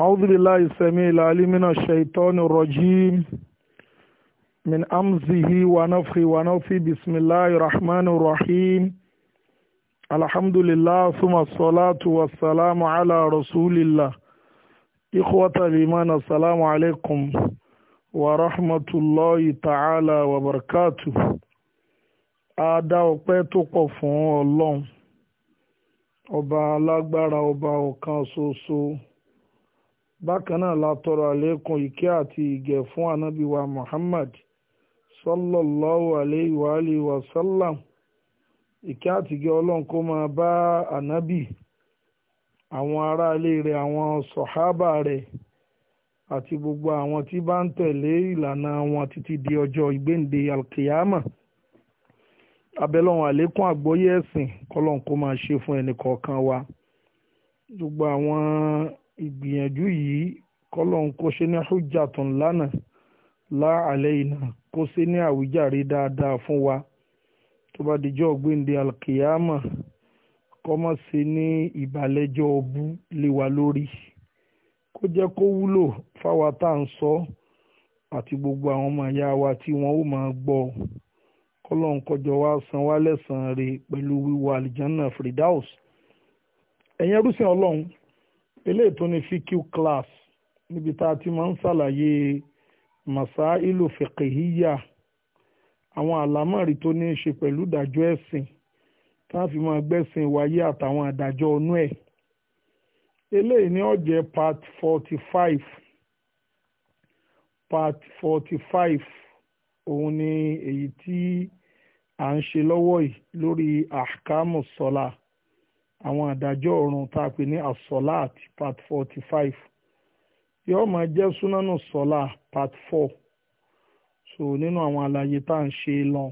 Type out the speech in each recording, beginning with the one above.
أعوذ بالله السميع العليم من الشيطان الرجيم من أمزه ونفخ ونفخه بسم الله الرحمن الرحيم الحمد لله ثم الصلاة والسلام على رسول الله إخوة الإيمان السلام عليكم ورحمة الله تعالى وبركاته ada ọpẹ́ tó pọ̀ fún Ọlọ́run ọba alágbára ọba ọ̀kan ṣoṣo bákan náà la tọrọ àlékún ìkẹ́ àti ìgẹ̀ fún ànábì Muhammad sallallahu alayhi wa alayhi wa sallam ike àti ìgẹ̀ ọlọ́run kó máa bá ànábì àwọn aráalé rẹ̀ àwọn sọ̀hábà rẹ̀ àti gbogbo àwọn tí bá ń tẹ̀lé ìlànà wọn títí di ọjọ́ ìgbéǹde alkiyama abẹ́lọ́run àlékún àgbọ́yé ẹ̀sìn kọ́lọ́run kó máa ṣe fún ẹnì kọ̀ọ̀kan wa gbogbo àwọn ìgbìyànjú yìí kọ́lọ́n kó ṣe ní hujjatun lánà la alayna kó ṣe ní àwíjàre dáadáa fún wa tó bá dijọ́ gbéǹde alkiyama kọ́mọ́ ṣe ní ìbàlẹ́jọ́ ọbú lé wa lórí kó jẹ́ kó wúlò fáwa tá à ń sọ àti gbogbo àwọn ọmọ ìyá wa tí wọ́n ó máa gbọ́ kọ́lọ́n kọjọ wa san wá lẹ́sàn-án rẹ̀ pẹ̀lú wíwọ àlìjánná Firdaus ẹ̀yin ẹrúsìn ọlọ́run eléyìí tó ní fiqh class níbi tá a ti máa ń ṣàlàyé masailu fiqhiyya àwọn àlámọ̀rí tó ní í ṣe pẹ̀lú ìdájọ́ ẹ̀sìn tá a fi máa gbẹ́sìn wáyé àtàwọn àdájọ́ ọnú ẹ̀ eléyìí ní ó part forty five part forty five òun ni èyí tí à ń ṣe lọ́wọ́ yìí lórí ahkamu salah àwọn àdájọ́ ọ̀run tá a pè ní asolat part forty five yóò máa jẹ́ súnánù sọ́lá part four so nínú àwọn àlàyé tá à ń ṣe lọ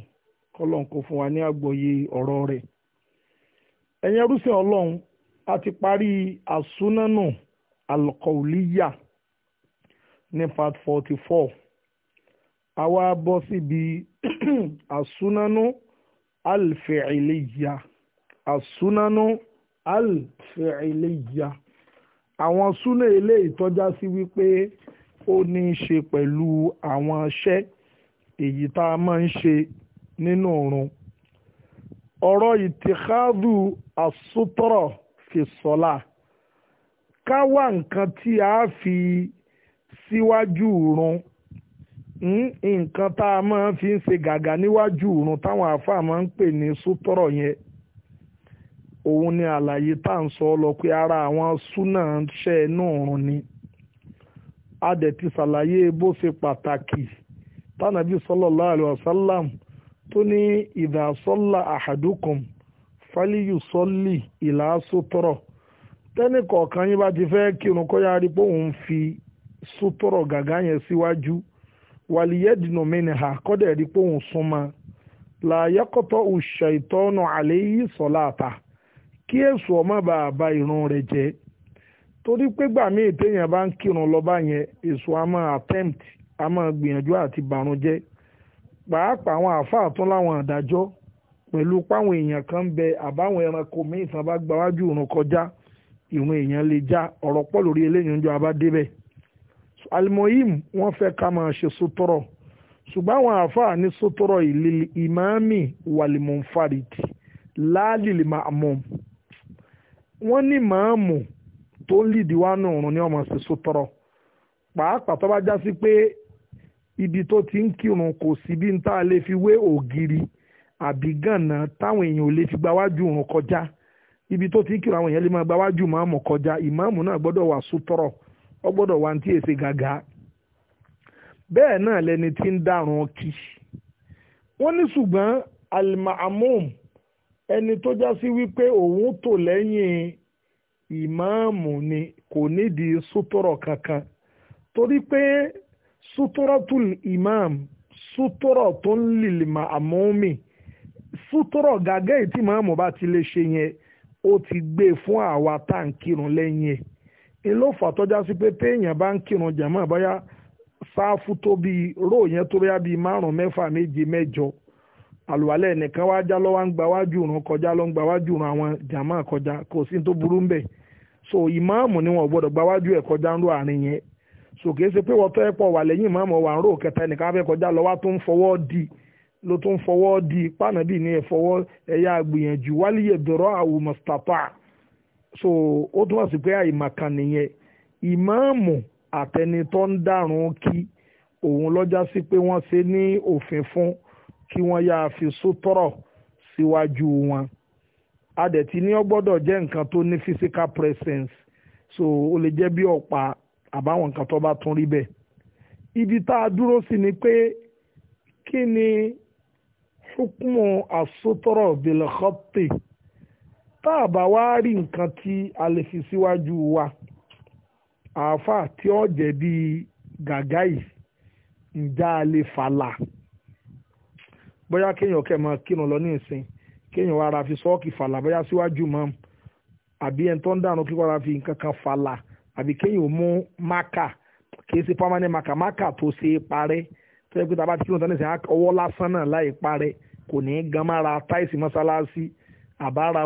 kọ́lọ́n kò fún wa ní àgbọ́yé ọ̀rọ̀ rẹ̀ ẹ̀yin ẹrúsìn ọlọ́run a ti parí àsúnánù alkọ̀ọ́líyà ní part forty four a wá bọ́ síbi àsúnánù alfẹ̀ẹ́lẹ́yà àsúnánù alfẹ̀ẹ́lẹ́yà àwọn súnà eléyìí tọ́já sí wípé ó ní í ṣe pẹ̀lú àwọn iṣẹ́ èyí tá a máa ń ṣe nínú òrun ọ̀rọ̀ ìtìkádù àsútọ̀rọ̀ fi sọ́lá ká wá nǹkan tí a fi síwájú òrun hmm? nǹkan tá a máa fi ń ṣe gàgà níwájú òrun táwọn àáfàá máa ń pè ní sútọ̀rọ̀ yẹn òun ni àlàyé tá à ń sọ lọ pé ara àwọn súnà náà ni a ti ṣàlàyé bó ṣe pàtàkì tánàbí asalam alaihi wasallam tó ní ahadukum fáliyù sọ́lì ìlà sótọ́rọ̀ tẹ́nì kọ̀ọ̀kan yín ti fe kírun kọ́ yára rí pé òun fi sótọ́rọ̀ gàgá yẹn síwájú wàlíyẹ́dìnà mẹ́nìhà kọ́dẹ̀ rí pé òun súnmọ́ làyẹ́kọ̀tọ̀ òṣèìtọ́nù àléyìí kí èso ọmọ bá a ba irun rẹ̀ jẹ́ torí pé gbà mí ètèèyàn bá ń kírun lọ́ba yẹn èso a máa attempt a máa gbìyànjú àti bàrún jẹ́ pàápàá àwọn àáfàá tún láwọn àdájọ́ pẹ̀lú páwọn èèyàn kan bẹ àbáwọn ẹranko míì tán bá gbáwájú òrùn kọjá ìwọn èèyàn lè já ọ̀rọ̀ pọ̀ lórí eléyìí ń abádébẹ̀ alimoyim wọ́n fẹ́ ká máa ṣe sotọ́rọ̀ ṣùgbọ́n àwọn àáfàá ní sotọ́rọ̀ ìlílì ìmáàmì wàlìmọ̀nfàrìtì láàlìlì màmọ́mù wọ́n ní màámù tó ń lìdí wá nù òrùn ní ọmọ ṣoṣo tọrọ pàápàá tó bá já sí pé ibi tó ti ń kírun kò sí bí n tá a lè fi wé ògiri àbí gànà táwọn èèyàn ò lè fi gba wájú òrùn kọjá ibi tó ti ń kírun àwọn èèyàn lè máa gba wájú màámù kọjá ìmáàmù náà gbọ́dọ̀ wà sótọ́rọ̀ ọ gbọ́dọ̀ wà ní tí gàgà bẹ́ẹ̀ náà lẹni tí ń dárun kí wọ́n ní ṣùgbọ́n alimahamum ẹni tó já sí wípé òun tò lẹ́yìn ìmáàmù ni kò nídìí sútúrọ̀ kankan torí pé sútúrọ̀tul ìmáàmù sútúrọ̀ tó ń lìlì màmúmi sútúrọ̀ gàgẹ́ ìtì ìmáàmù bá ti lè ṣe yẹn ó ti gbé e fún àwa tá à ń kírun lẹ́yìn ẹ̀ ìlófà tọ́já sí pé téèyàn bá ń kírun jàmọ́ àbáyá sáfù tó bíi róò yẹn tó bá bíi márùn mẹ́fà méje mẹ́jọ àlùwalẹ̀ nìkan wá já lọ́wọ́ ń gba wájú ìrun kọjá ló ń gba wájú ìrun àwọn jàmá kọjá kò sí tó burú ń bẹ̀ so ìmáàmù ni wọn gbọ́dọ̀ gba wájú ẹ̀ kọjá ń rò àárín yẹn so kì í ṣe pé wọ́n tọ́ ẹ̀ pọ̀ wà lẹ́yìn ìmáàmù wà ń rò kẹta ẹnìkan á fẹ́ kọjá lọ wá tó ń fọwọ́ di ló tó ń fọwọ́ di pànàbí ni ẹ̀ fọwọ́ ẹ̀yà gbìyànjú wálíyè dọ̀rọ̀ àwù mustapha so ó túmọ̀ sí pé àìmọ̀kan nìyẹn ìmáàmù àtẹnitọ́ ń dàrún kí òun lọ́jà sí pé wọ́n ṣe ní òfin fún kí wọ́n yáa fi sótọ́rọ̀ síwájú wọn adẹ̀tí ni ó gbọ́dọ̀ jẹ́ nǹkan tó ní physical presence so ó lè jẹ́ bí ọ̀pá àbáwọn nǹkan tó bá tún rí bẹ́ẹ̀. ibi tá a dúró sí ni pé kí ni hukumu asotoro bilkhati tá a bá wá rí nǹkan tí a lè fi síwájú wa àáfàá tí ó jẹ́ bíi gàgá yìí ǹjẹ́ a lè fàlà bóyá kéèyàn kẹ́ máa kírun lọ ní ìsìn kéèyàn wá ara fi sọ́ọ̀kì fàlà bóyá síwájú mọ́ àbí ẹni tó ń dànù kíkọ́ ara fi nǹkan kan fàlà àbí kéèyàn mú máka kìí ṣe permanent máka máka tó ṣe parẹ́ tó yẹ pé tá a bá ti kírun tán nìsín ọwọ́ lásán náà láì parẹ́ kò ní í gan mára táìsì mọ́sálásí àbára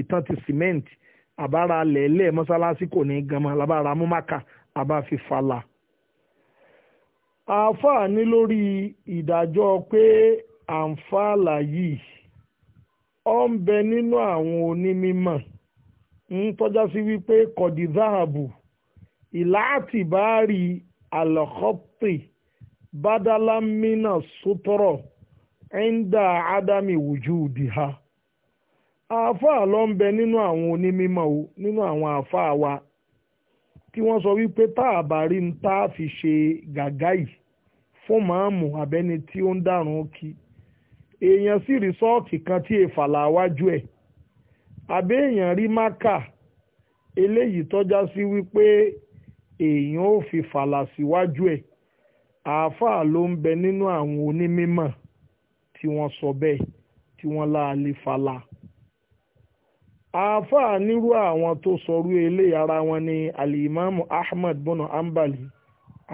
ìtàn ti cement àbára lẹ̀ẹ́lẹ̀ mọ́sálásí kò ní í gan mára lábára mú máka àbá fi fàlà àáfàá ní lórí ìdájọ́ pé àǹfààlà yìí ọ ń bẹ nínú àwọn onímọ̀ ń tọ́já sí wípé kọ̀dídáàbù ìlàtìbárì àlọ́kọ́tì bádálámínà sótọ́rọ̀ ẹ̀ńdà ádámì wùjú ìdìhà àáfàá ló ń bẹ nínú àwọn onímọ̀ o nínú àwọn àáfàá wa tí wọ́n sọ wípé tá a bá rí ń tá a fi ṣe gàgá fún màámù abẹ́ni tí ó ń dàrún kí èèyàn sì rìsọ́ọ̀tì kan tí èèfàlà wájú ẹ̀ àbí èèyàn rí mákà eléyìí tọ́já sí wípé èèyàn ò fi fàlà síwájú ẹ̀ àáfàá ló ń bẹ nínú àwọn onímímọ̀ tí wọ́n sọ bẹ́ẹ̀ tí wọ́n láàlè fàlà àáfàá nírú àwọn tó sọrú eléyìí wọn ni alimami ahmed bono ambali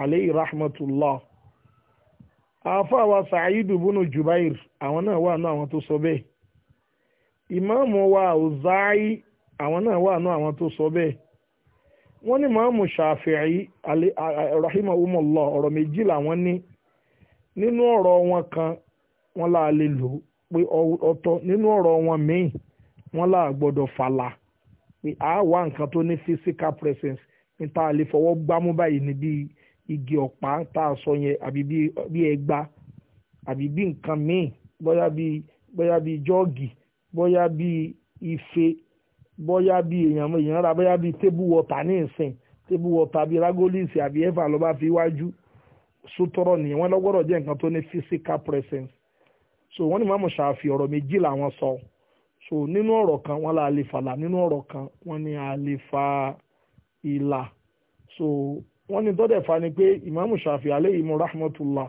aleyhi rahmatulah àáfà wa sàáyídù bùnú jubair àwọn na wà náà àwọn tó sọ bẹ́ẹ̀ ìmáàmù wa ọ̀záì àwọn náà wà náà àwọn tó sọ bẹ́ẹ̀ wọ́n ní máàmù ṣàfihì rahima umullah ọ̀rọ̀ méjì làwọn ni nínú ọ̀rọ̀ wọn kan wọ́n la lè lò pé ọ̀tọ̀ nínú ọ̀rọ̀ wọn míì wọ́n là gbọ́dọ̀ fàlà pé àá wá nǹkan tó ní physical presence níta lè fọwọ́ gbámú báyìí ní bíi igi ọ̀pá tá a sọ yẹn àbí bí ẹgba àbí bí nǹkan míì bóyá bí bóyá bí jọ́ọ̀gì bóyá bí ife bóyá bí èèyàn èèyàn ra bóyá bí tébù wọ́tà ní ìsìn tébù wọ́tà bí rágólíìsì àbí ẹ̀fà ló bá fi wájú sótọ́rọ̀ nìyẹn wọ́n lọ́gbọ́dọ̀ jẹ́ nǹkan tó ní physical presence so wọ́n ní màmú ṣàfi ọ̀rọ̀ méjì làwọn sọ so nínú ọ̀rọ̀ kan wọ́n là á lè fàlà nínú ọ̀rọ̀ kan wọ́n ní a lè fa ìlà so wọ́n ní tọ́dẹ̀ fa ni pé ìmáàmù ṣàfi alayhi mu rahmatullah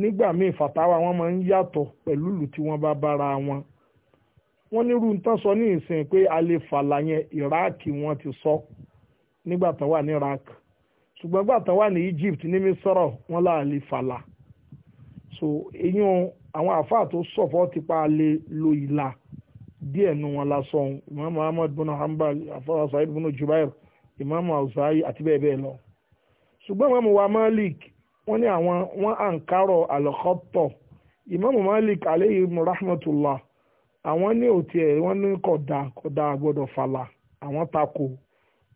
nígbà míì fàtàwà wọn máa ń yàtọ̀ pẹ̀lú ìlú tí wọ́n bá bára wọn wọ́n ní irú nǹkan sọ ní ìsìn pé alẹ́ fàlà yẹn Iraq wọ́n ti sọ nígbà tán wà ní Iraq ṣùgbọ́n gbà tán wà ní Egypt ní misọ́rọ̀ wọ́n là alẹ́ fàlà so eyín àwọn àáfàá tó sọ̀fọ́ tipa alẹ́ lo ìlà díẹ̀ nu wọn lásán Imam Ahmad bin Hanbal àfọwọ́sá ibùnú Jubair Imam Auza'i àti bẹ́ẹ̀ bẹ́ẹ̀ lọ ṣùgbọ́n ìmọ̀mù wa Malik wọ́n ní àwọn wọ́n à ń kárọ̀ àlọ́kọ́tọ̀ ìmọ̀mù Malik aleyhi rahmatullah àwọn ní òtí ẹ̀ wọ́n ní kódà kódà gbọ́dọ̀ fàlà àwọn tako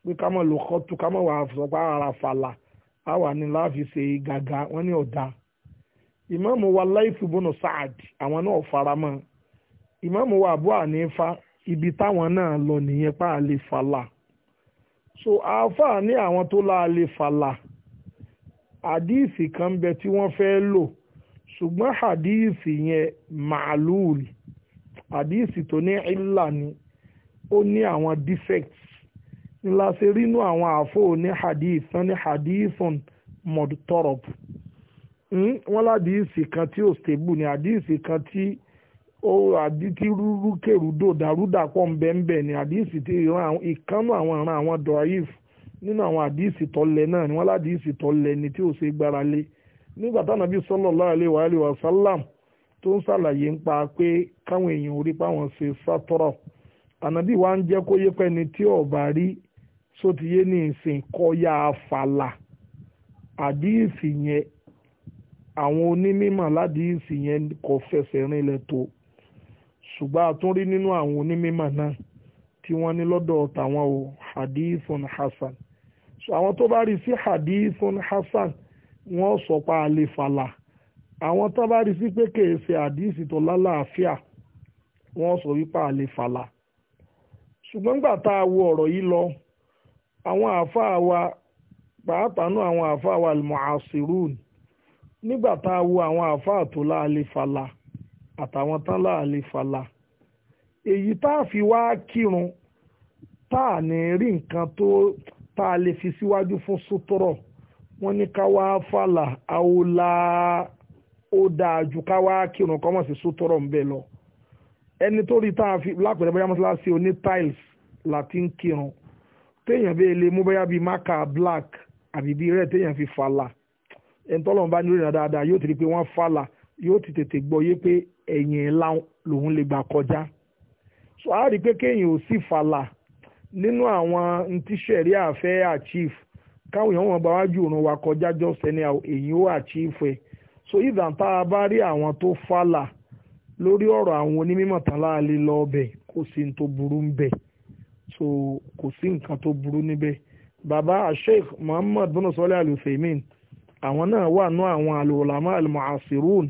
pé ká mọ̀ lò kọ́tù ká mọ̀ wà sọ́pá ara fàlà á wà ní láàfin ṣe gàgà wọ́n ní ọ̀dà ìmọ̀mù wa láìfù bọ́nà Saad àwọn náà faramọ́ ìmọ̀mù wa Abu Hanifa ibi táwọn náà lọ nìyẹn pa àlè fàlà so àáfàá ní àwọn tó láàlè fàlà hadíìsì kan ń bẹ tí wọ́n fẹ́ lò ṣùgbọ́n hadíìsì yẹn màálùl hadíìsì tó ní ìlà ni ó ní àwọn defects ńlá ṣe rínú àwọn àfọ́ ní hadíìsì tán ní hadíìsùn mọ̀dútọ́rọ̀pù hmm? wọ́n ládìísì kan tí ò stable ni àdìísì kan tí ó àdìtí rúrúkèrúdò dàrúdàpọ̀ ńbẹ́ńbẹ́ ni àdìísì tí ìran ìkánú àwọn ìran àwọn dọ̀ọ́yìfù nínú àwọn àdíìsì tọ́lẹ̀ náà ni wọ́n ládìísì tọ́lẹ̀ ni tí ò ṣe gbára lé nígbà sọlọ̀ sallallahu alaihi sálàm tó ń ṣàlàyé ń pé káwọn èèyàn orí páwọn ṣe sátọ́rọ̀ ànábì wa ń jẹ́ kó yé pẹ́ni tí ọ̀bà rí yé ní ìsìn kọ́yà àfàlà àdíìsì yẹn àwọn ládìísì yẹn kò fẹsẹ̀ tó ṣùgbọ́n àwọn tó bá rí sí hadithun hasan wọ́n sọ pa àlè fàlà àwọn tó bá rí sí pé kèé ṣe àdíìsì tó lálàáfíà wọ́n sọ wípé àlè fàlà ṣùgbọ́n gbà tá a wo ọ̀rọ̀ yìí lọ àwọn àáfàá wa pàápàá náà àwọn àáfàá wa almuasirun nígbà tá a wo àwọn àáfàá tó láàlè fàlà àtàwọn tán láàlè fàlà èyí tá a fi wá kírun tá a ní rí nǹkan tó tá a lè fi síwájú fún sútọ́rọ̀ wọ́n ní ká wá fàlà àwòlá ó dáa ju ká wá kírun kọ́mọ̀ sí sútọ́rọ̀ ń bẹ̀ lọ ẹni tó rí tá a fi lápẹ̀rẹ̀ bóyá mọ́ṣáláṣí oní tiles láti ń kírun téèyàn bẹ́ẹ̀ lè mú bóyá bíi marker black àbí bíi red téèyàn fi fàlà ẹni tọ́lọ́run bá nílò ìrìn dáadáa yóò ti rí pé wọ́n fàlà yóò ti tètè gbọ́ yé pé ẹ̀yìn ńlá lòun lè gbà kọjá so a rí pé kéèyàn ò sì fàlà nínú àwọn ntíṣẹ̀rí àfẹ́ achieve káwọn èèyàn wọn bá wájú òrun wa kọjá just ẹni èyí ó achieve ẹ̀ so ìdàn tá a bá rí àwọn tó fàlà lórí ọ̀rọ̀ àwọn onímọ̀ tán láàlè lọ kò sí nǹkan tó burú níbẹ̀ so kò sí nǹkan tó burú níbẹ̀ bàbá sheikh muhammad bin sọlẹ alufemin àwọn náà wà nú àwọn alùlámà almuasirun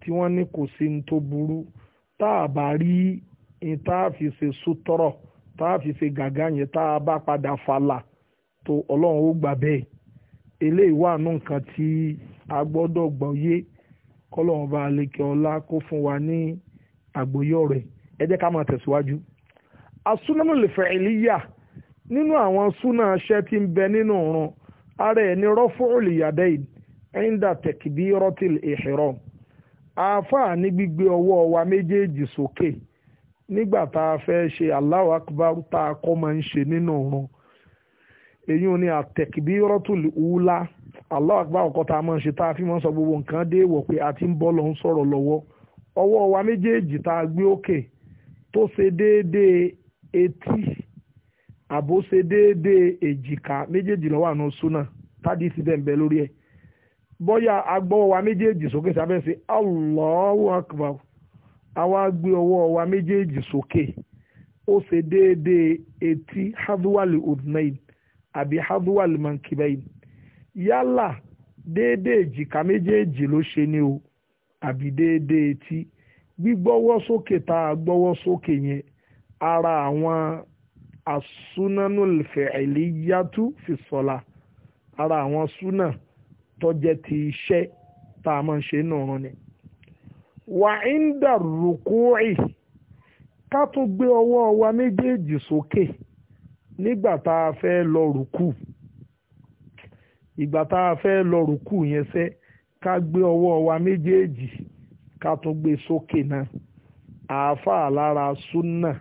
tí wọ́n ní kò sí nǹkan tó burú tá a bá rí ní tá a fi tá a fi ṣe gàgá yẹn tá a bá padà falà tó ọlọ́run ó gbà bẹ́ẹ̀ eléyìí wà nù nǹkan tí a gbọ́dọ̀ gbọ́ yé kọ́lọ́run bá ọlá kó fún wa ní àgbọ́yọ̀ rẹ̀ ẹ jẹ́ ká máa tẹ̀síwájú. asúnámù lè fẹ́ ìlíyà nínú àwọn súnà aṣẹ́ tí ń bẹ nínú ọ̀run ara ẹ̀ ní rọ́fúrúlì yàdẹ́yìn ẹ̀ńdà tẹ̀kìbí rọ́tìl ìhìrọ̀ àáfàá ní gbígbé ọwọ́ wa méjèèjì nígbà tá a fẹ́ ṣe Akbar tá a kọ́ máa ń ṣe nínú èyí ò ní ula Allahu Akbar ọkọ̀ tá a máa ń ṣe tá a fi máa ń sọ gbogbo nǹkan dé wọ̀ pé a ti ń bọ́ lọ ń sọ̀rọ̀ lọ́wọ́ ọwọ́ wa méjèèjì tá a gbé òkè tó ṣe déédéé etí àbó ṣe déédéé èjìká méjèèjì lọ́wọ́ àná súnà tádìí bẹ́ẹ̀ lórí bọ́yá Akbar a wá gbé ọwọ́ wa méjèèjì sókè ó ṣe déédéé etí hadwali udnain àbí hadwali mankibain yálà déédéé èjìká méjèèjì ló ṣe ni o àbí déédéé etí gbígbọ́wọ́ sókè tá a gbọ́wọ́ sókè yẹn ara àwọn asúnánúlfẹ̀ẹ́lìyàtú fi sọ̀la ara àwọn súnà tó ti iṣẹ́ tá a máa ń ṣe náà rán ni. rùkúrì ká tó gbé ọwọ́ wa méjèèjì sókè nígbà tá a fẹ́ lọ rùkú ìgbà tá a fẹ́ lọ rùkú yẹn sẹ́ ká gbé ọwọ́ wa méjèèjì ká tó gbé sókè náà àáfàá lára súnà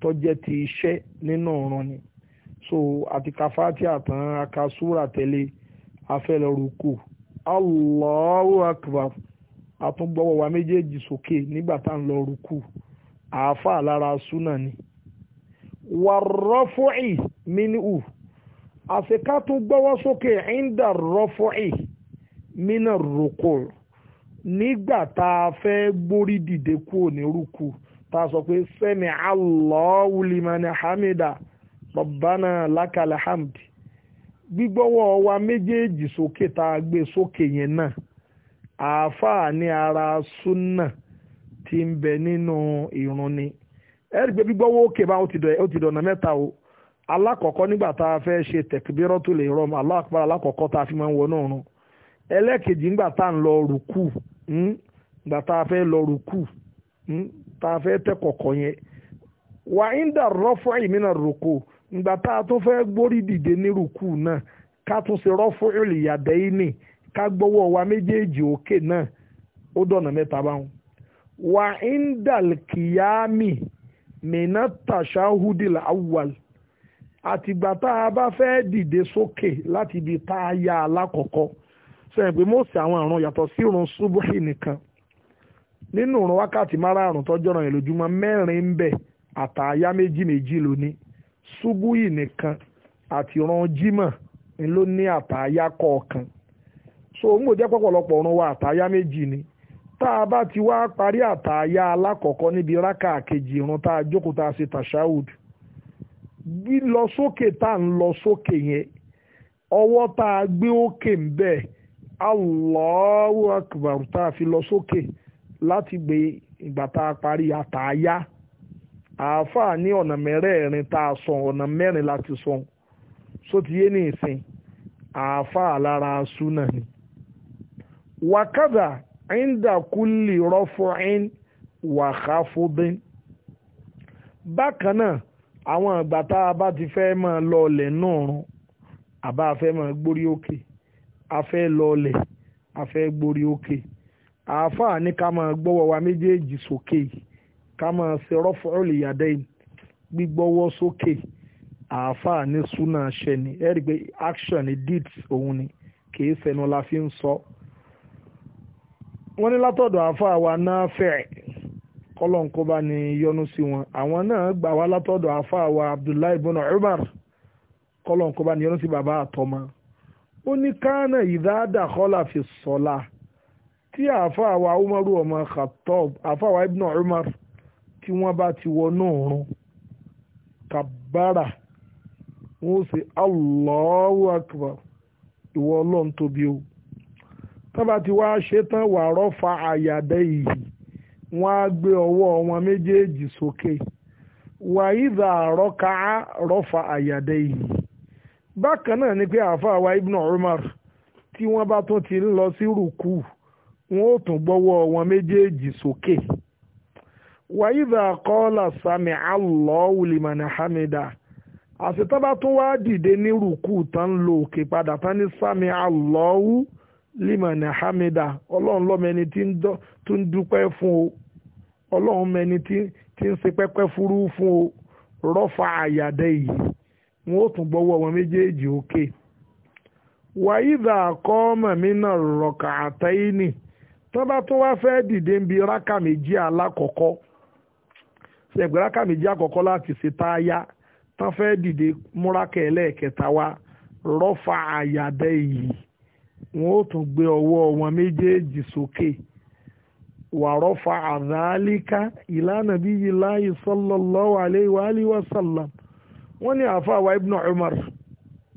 tó ti iṣẹ́ nínú ọ̀ràn ni so àti kafati àtàn akasúra tẹ́lẹ̀ afẹ́lọ́rùkù Allahu akbar àtúngbọ́wọ́ wa méjèèjì sókè nígbà tá à ń lọ rúkú àáfà lára súnà ni wàrọ́fọ́ì mínú àṣekà tún gbọ́wọ́ sókè ẹ̀ńdà rọ́fọ́ì mínà rúkú nígbà tá a fẹ́ gbórí dìde kúrò ní rúkú tá a sọ pé sẹ́mi Allahu hamida rabbana lakal hamd gbígbọ́wọ́ wa méjèèjì sókè tá a gbé sókè yẹn náà àáfàá ní ara súnà ti ń bẹ nínú ni ẹ rí òkè bá ó ti o alákọ̀ọ́kọ́ nígbà tá a fẹ́ ṣe tẹ̀kíbírọ́tò lè rọm tá a fi máa ń wọnú ọ̀run tá a ń lọ rùkù hmm, nígbà tá a fẹ́ lọ rùkù hmm, tá a fẹ́ tẹ́kọ̀ọ̀kọ̀ yẹn wà á ń dà rọ́fọ́ ìmínà rùkù tá a fẹ́ gbórí dìde ká gbọ́wọ́ wa méjèèjì òkè náà ó dọ̀nà mẹ́ta báwọn. wà índàl kìyàmì mìíràn tàṣáhùdìl awwal àtìgbà tá a bá fẹ́ dìde sókè láti ibi tá a yà alákọ̀ọ́kọ́ sẹ́yìn pé mọ́ọ̀sì àwọn àrùn yàtọ̀ sí irun ṣubúhì nìkan nínú ìrun wákàtí márààrún tọ́jọ́ ràn yẹn lójúmọ́ mẹ́rin ń bẹ àtàyá méjì méjì lóní ṣubúhì nìkan àti ìrun jímọ̀ ló ní àtàyá kọ̀ọ̀kan so ń gbòjẹ́ pọ̀pọ̀lọpọ̀ ọ̀run wa àtàyà méjì ni tá a bá ti wá parí àtàyà alákọ̀ọ́kọ́ níbi rákà kejì irun tá a jókòó tá a ṣe tàṣáwùd lílọ sókè tá à lọ sókè yẹn ọwọ́ tá a gbé òkè ń bẹ̀ Allahu akbar tá a fi lọ sókè láti gbé ìgbà tá a parí àtàyà àáfàá ní sọ ọ̀nà mẹ́rin láti sọ sótìyé ní ìsìn àáfàá lára ni. wàkàdà ìndàkúlì rọ́fọ́in wàháfóbín bákan náà àwọn àgbà tá a bá ti fẹ́ máa lọ ọlẹ̀ náà rún àbá a fẹ́ máa gbórí òkè a fẹ́ lọ ọlẹ̀ a fẹ́ gbórí òkè àáfàá ní ká máa gbọ́wọ́ wa méjèèjì sókè ká máa ṣe rọ́fọ́ọ̀lì yàdẹ́yìn gbígbọ́wọ́ sókè àáfàá ní súnà ṣẹni ẹ rí i pé action ni deeds òun ni kì í ṣẹnu la fi ń sọ. So wọ́n ní látọ̀dọ̀ àáfàá wa náà fẹ̀ kọ́lọ́nkó bá ní yọ́nú sí wọn àwọn náà gbà wá látọ̀dọ̀ àáfàá wa Abdullahi ibn Umar kọ́lọ́nkó bá ní yọ́nú sí bàbá àtọ́mọ́ ó ní kánà ìdáàdà kọ́là fi sọ́la tí àáfàá wa Umaru ọmọ Khattab àáfàá wa ibn Umar tí wọ́n bá ti wọnú òrun kàbárà wọ́n sì Allahu akbar ìwọ ọlọ́run tóbi o. tọ́ba ti wá ṣe tán wà rọ́fà àyàdẹ́ ìhì wọ́n á gbé ọwọ́ wọn méjèèjì sókè wàyídà rọ́ka rọ́fà àyàdẹ́ ìhì bákan náà ni pé àáfàá wa ibn Umar tí wọ́n bá tún ti ń lọ sí rùkú wọn ó tún gbọ́wọ́ wọn méjèèjì sókè wàyídà kọ́lá sami Allahu liman hamida asetaba bá tún wá dìde ní nlo tán lò òkè padà tán ní sami limani hamida ọlọ́run lọ́mẹni tí ń dúpẹ́ fún o ọlọ́run mẹni tí ń ṣe pẹ́pẹ́ fúrú fún o rọ́fà àyàdẹ yìí wọn ó tún gbọ́wọ́ wọn méjèèjì òkè wàyídà kọ́ọ̀mọ̀ mi náà rọ̀kà àtẹ́yìnì tó wá fẹ́ dìde ń bi rákà méjì alákọ̀ọ́kọ́ ṣẹ̀gbẹ́ rákà méjì àkọ́kọ́ láti ṣe tá a yá tán fẹ́ dìde múrákà ẹlẹ́ẹ̀kẹta wá rọ́fà àyàdẹ yìí wọn ó tún gbé ọwọ́ wọn méjèèjì sókè wàrọ́fà àdáálíká ìlànà bí yìí láàyè sallallahu alayhi wa sallam wọ́n ní àfàwà ibn Umar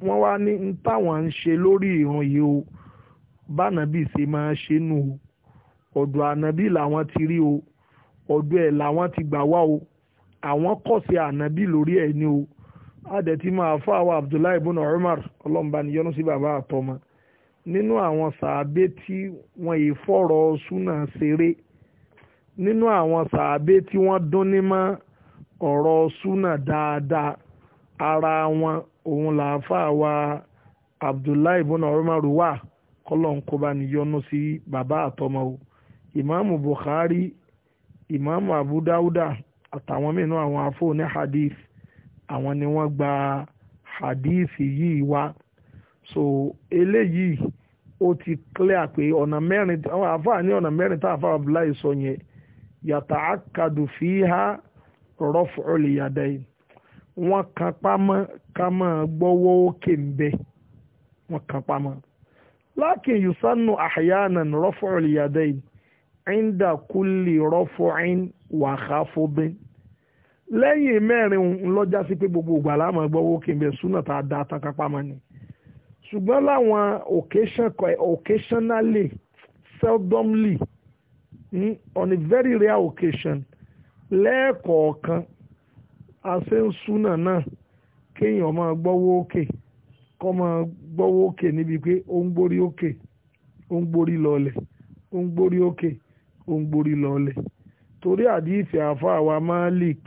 wọ́n wá ní ń táwọn ń ṣe lórí ìran yìí o bánàbí ṣe máa ṣe nù o ọ̀dọ̀ ànàbí làwọn ti rí o ọ̀dọ̀ ẹ̀ làwọn ti gbà wá o àwọn kọ̀sí ànàbí lórí ẹ̀ ni o àdẹ̀tí máa fọ́ àwọn Abdullahi ibn Umar sí bàbá nínú àwọn sàábé tí wọ́n yìí fọ̀rọ̀ súnà ṣeré nínú àwọn sàábé tí wọ́n dún ní mọ́ ọ̀rọ̀ súnà dáadáa ara wọn òun làáfàá wa abdullahi ibùnà ọ̀rọ̀mọ̀rù wà kọ́lọ́nkọba níyọnu sí bàbá àtọmọ o ìmáàmù bukhari ìmáàmù abu dáúdà àtàwọn mìíràn àwọn afọ ní hadith àwọn ni wọ́n gba hadith yìí wá so eléyìí ó ti clear pé ọ̀nà mẹ́rin àwọn àfáà ní ọ̀nà mẹ́rin tá àfáà Abdullahi sọ yẹn yàtà àkàdù fi há rọ́fù ọ̀lẹ́yàdá yìí wọ́n kan pamọ́ ká máa gbọ́wọ́ òkè ń bẹ wọ́n kan pamọ́ lákin yusannu àhàyànà rọ́fù ọ̀lẹ́yàdá yìí ẹ̀ńdà kúlì rọ́fù ẹ̀ń wàhá fóbin lẹ́yìn mẹ́rin ńlọ́jà sí pé gbogbo ìgbà láàmú gbọ́wọ́ òkè ń bẹ súnà ṣùgbọ́n láwọn occasionally seldomly mm, on a very rare occasion lẹ́ẹ̀kọ̀ọ̀kan àṣẹ ń súnà náà kéèyàn máa gbọ́wọ́ òkè kọ́ máa gbọ́wọ́ òkè níbi pé ó ń gbórí òkè ó ń gbórí lọ́ọ̀lẹ̀ ó ń gbórí òkè ó ń gbórí lọ́ọ̀lẹ̀ torí àdìsí àfa àwa Malik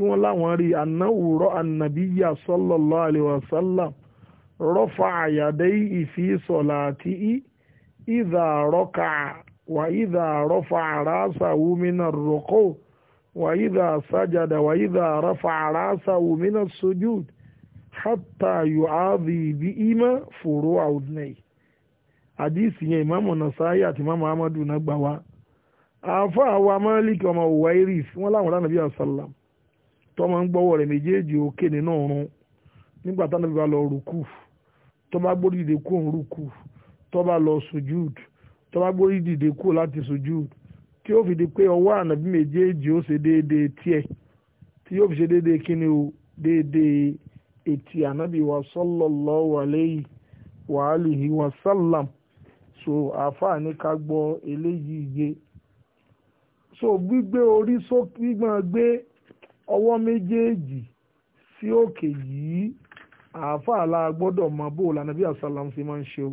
tí wọ́n láwọn rí anáwùrọ̀ ànàbíyà sallallahu alaihi wasallam rọ́fà àyàdé ìfi sọ̀lá àti ìdà rọ́kà wà ìdà rọ́fà àrásà wúmínà rọ́kò wà ìdà sájàdà wà ìdà rọ́fà àrásà wúmínà sojúd hátà yóò áàbì bí ìmọ̀ fòrò àwùdínẹ̀yì àdìsí yẹn ìmáàmù Nasa'i àti ìmáàmù Ahmadu náà gbà wá àáfàá wa ọmọ Uwairis wọn láwọn ránàbí àsálàmù tó máa ń gbọ́wọ́ rẹ̀ méjèèjì òkè nínú ọ̀run nígbà táwọn ẹbí bá lọ rúkú tó bá gbórí dìde kú òun rúkú tó bá lọ sujúd tó bá gbórí dìde kú láti sujúd tí ó fi di pé ọwọ́ ànábì méjèèjì ó ṣe déédéé tiẹ̀ tí yóò fi ṣe déédéé kíni o déédéé ètì ànábì wa sallallahu alayhi wa alihi wa sallam so àáfàá ní ká gbọ́ eléyìí yé so gbígbé orí sókè gbígbọ́n gbé. So, ọwọ́ méjèèjì sí òkè yìí àáfàá la gbọ́dọ̀ mọ bó o lànà bí àṣàlám ṣe máa ń ṣe o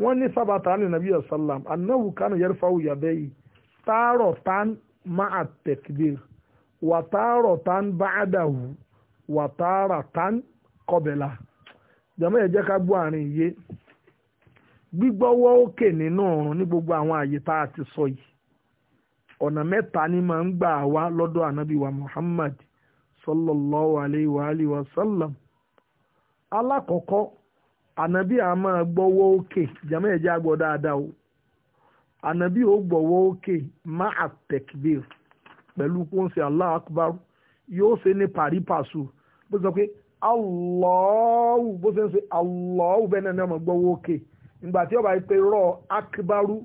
wọ́n ní sábàtà ní nàbí àṣàlám anáwó kánú yẹrù fáwọn ìyàbẹ́ yìí táàrọ̀ tán máa tẹ̀kìdìr wà táàrọ̀ tán bá àdàwù wà táàrà tán kọbẹ̀là jàmọ́ ẹ ká gbọ́ àárín iye gbígbọ́wọ́ òkè nínú ọ̀run ní gbogbo àwọn àyè tá a ti sọ yìí ọ̀nà mẹ́ta ni máa ń gbà wá lọ́dọ̀ ànábì wa Muhammad sallallahu alayhi wa alayhi wa sallam alákọ̀ọ́kọ́ ànábì a máa gbọ́wọ́ òkè jàmọ́ ẹ̀jẹ̀ àgbọ̀ dáadáa o ànábì ó gbọ́wọ́ òkè má àtẹ̀kbìr pẹ̀lú akbar yóò ṣe ní pàrípàṣù bó sọ pé Allahu bó ṣe ń Allahu bẹ́ẹ̀ náà ni ọmọ gbọ́wọ́ òkè ìgbà akbaru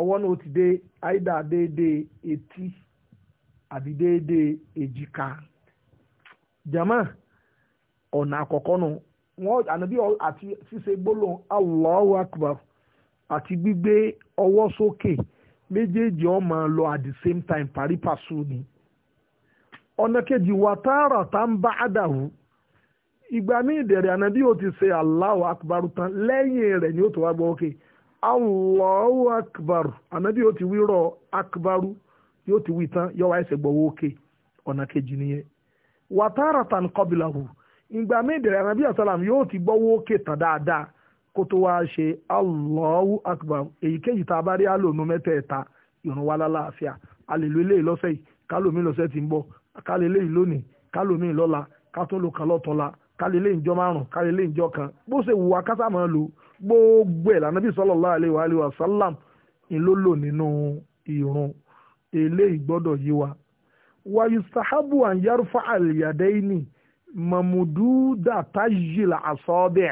ọwọ́ náà ti dee àìdá déédéé eti àbí déédéé èjìká jama ọ̀nà àkọ́kọ́ nu wọ́n ànábí àti ṣíṣe gbólóhùn Allahu Akbar ati gbigbe ọwọ́ sókè méjèèjì ọ máa lọ at the same time pari pasu ni ọ̀nà kejì wà tààrà tá ń bá àdàwù ìgbà míì dẹ̀rẹ̀ ànábí ó ti ṣe Allahu Akbar tán lẹ́yìn rẹ̀ ni ó tó wá gbọ́ òkè. Okay allahu akbar anabi yóò ti wírọ̀ akbaru yóò ti wí tán yọ wá ẹsẹ̀ gbọ́wọ́ òkè ọ̀nà kejì nìyẹn wàtárata nkọ́bìlàhù ìgbà méjìlá anabi asalam yóò ti gbọ́wọ́ òkè tán dáadáa kó tó wá ṣe allahu akbar èyíkéyìí tá a bá rí ìrún wa lálàáfíà àlèlú eléyìí lọ́sẹ̀ yìí kálòmí lọ́sẹ̀ tí ń bọ̀ kálẹ̀ eléyìí lónìí kálòmí lọ́la kátó kan bó ṣe wù wá gbogbo ẹ̀ lànàbí sallallahu alaihi wa alihi wa sallam ìlólò nínú ìrun eléyìí gbọ́dọ̀ yí wa. wa yustahabu an yarfa al-yadaini mamududa tajil asabi'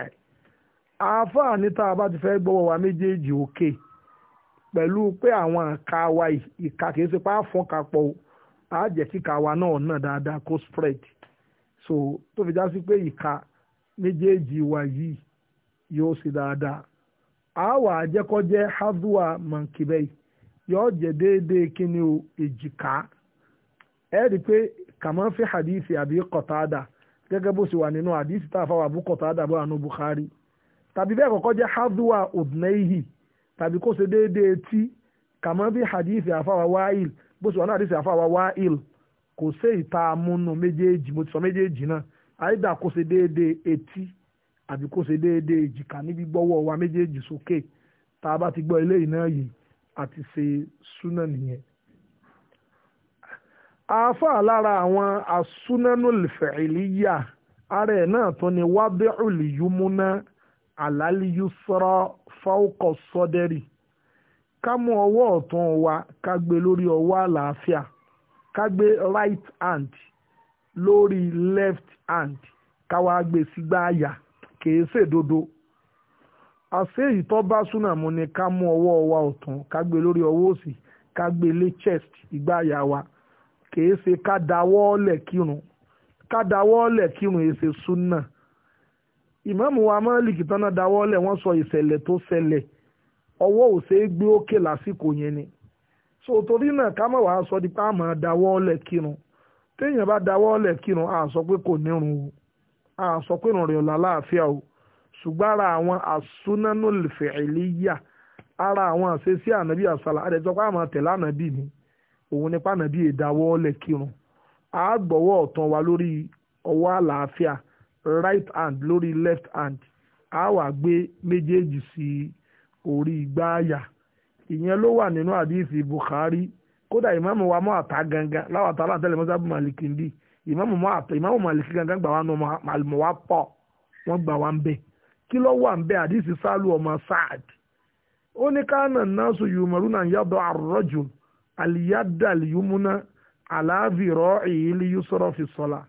a bá ti fẹ́ gbọ́wọ́ wa méjèèjì òkè pẹ̀lú pé àwọn àka wa ìka kìí ṣe pa fún kapọ̀ á jẹ́ kí ka wa náà náà dáadáa kó spread so tó fi já sí pé ìka méjèèjì wa yìí yóò ṣe dáadáa àwa àjẹkọ́jẹ́ hazua mankibei yóò jẹ́ déédéé kíni o èjìká ẹ rí i pé kàmá fi hadithi àbí kọ̀tàdà gẹ́gẹ́ bó ṣe wà nínú hadithi tá a fáwọn àbú kọ̀tàdà bó àánú Bukhari tàbí bẹ́ẹ̀ kọ́kọ́ jẹ́ hazua udneihi tàbí kó ṣe déédéé tí kàmá fi hadithi àfáwà wáìl bó ṣe wà ní hadithi àfáwà wáìl kò sí ìta amúnú méjèèjì mo ti sọ méjèèjì náà àyídà kó ṣe déédéé etí àbí kó ṣe déédéé èjìká níbi gbọ́wọ́ wa méjèèjì sókè tá a bá ti gbọ́ eléyìí náà yìí àti ṣe súnà nìyẹn. àáfàá lára àwọn asúnánúlfẹ̀ẹ́lìyà ara ẹ̀ náà tó ni wábẹ́ọ̀lìyúmúná àlálìyúsọ́rọ́ fáwọ́kọ̀ sọ́dẹ́rì ká mú ọwọ́ ọ̀tún wa ká gbé lórí ọwọ́ àlàáfíà ká gbé right hand lórí left hand ká wá gbé sígbà àyà. Si kìí dodo àṣé èyí tó bá mu ni ká mú ọwọ́ wa ọ̀tún ká gbé lórí ọwọ́ òsì ká gbé chest ìgbà àyà wa kìí ká dáwọ́ ọ̀lẹ̀ kírun ká dáwọ́ ọ̀lẹ̀ kírun suna imamu wa Málíkì tán náà dáwọ́ ọ̀lẹ̀ wọ́n sọ ìṣẹ̀lẹ̀ tó ṣẹlẹ̀ ọwọ́ òsè gbé òkè lásìkò so torí náà ká má wàá sọ di pé àmọ́ dáwọ́ ọ̀lẹ̀ kírun téèyàn bá dáwọ́ ọ̀lẹ̀ kírun àá sọ pé kò nírun A àsọ pé ìrìn ọ̀la láàfíà o ṣùgbọ́n ara àwọn àsúnánú fẹ̀ẹ́lẹ́yà ara àwọn àṣeṣí ànábì àṣàlà àdẹ̀tọ́pá àmọ́ tẹ̀lé ànábì ni òun nípa ànábì ìdáwọ́ lẹ̀ kírun àgbọ̀wọ́ ọ̀tàn wa lórí ọwọ́ àlàáfíà right hand lórí left hand a wà gbé méjèèjì sí orí igbá àyà ìyẹn ló wà nínú àdìsí Bukhari kódà ìmáàmù wa mọ́ àtà gangan láwọn àtàlà tẹ́lẹ̀ mọ́sábù ìmáàmù mọ́ àtọ̀ ìmáàmù màlìkí gangan gbà wá nù màlìmọ̀ wá pọ̀ wọ́n gbà wá ń bẹ̀ kí ló wà ń bẹ̀ àdìsí sálù ọmọ Sa'ad ó ní káànà náà sọ yùmọ̀rú náà yàdọ̀ àrọ́jù àlìyádà lìyúmúná àlàáfíìrọ̀ èyí lè yú sọ̀rọ̀ fi sọ̀la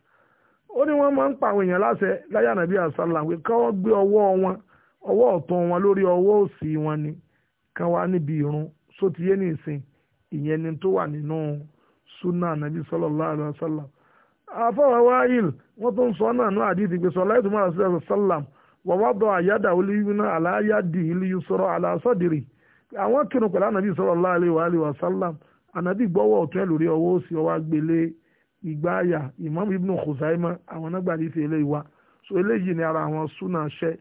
ó ní máa ń pa àwọn èèyàn láṣẹ láyà nàbí àṣàlà pé ká gbé ọwọ́ wọn ọwọ́ ọ̀tún wọn lórí ọwọ́ òsì wọn ni ká wá níbi sótìyé nìsín ìyẹn ni tó wà nínú nàbí afọwọ́ wáyìl wọ́n tún sọ náà ní àdìsí pé sọlá ìtumọ̀ àṣìṣe sálàm wàwá dọ̀ àyádà olúyúná aláyàdì ìlú sọ̀rọ̀ aláṣọ́dìrì àwọn kírun pẹ̀lú ànàbì sọ̀rọ̀ láàlẹ́ wàhálẹ́ wa sálàm ànàbì gbọ́wọ́ ọ̀tún ẹ̀ lórí ọwọ́ òsì ọwọ́ agbélé ìgbáyà imam ibn khuzaima àwọn nágbà ní ti eléyìí wa so eléyìí ni ara àwọn súnà ṣẹ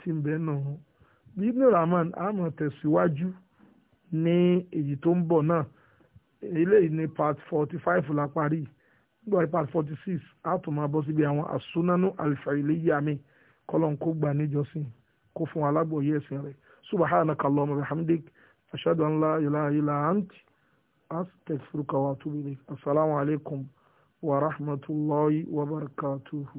ti ń bẹ náà ibn rahman àmọ̀ tẹ̀síwájú ní èyí tó ń bọ̀ part forty five la parí yìí gbọ́dọ̀ part forty six a tún máa bọ́ síbi àwọn àsunánú alifàìlẹ́yà mi kọ́lọ́nkó gbà níjọsìn kó fún alágbòye ẹ̀sìn rẹ̀ subhanaka allahumma wa bihamdik ashhadu an la ilaha illa anti astaghfiruka wa atubu ilayk assalamu alaikum wa rahmatullahi wa barakatuhu.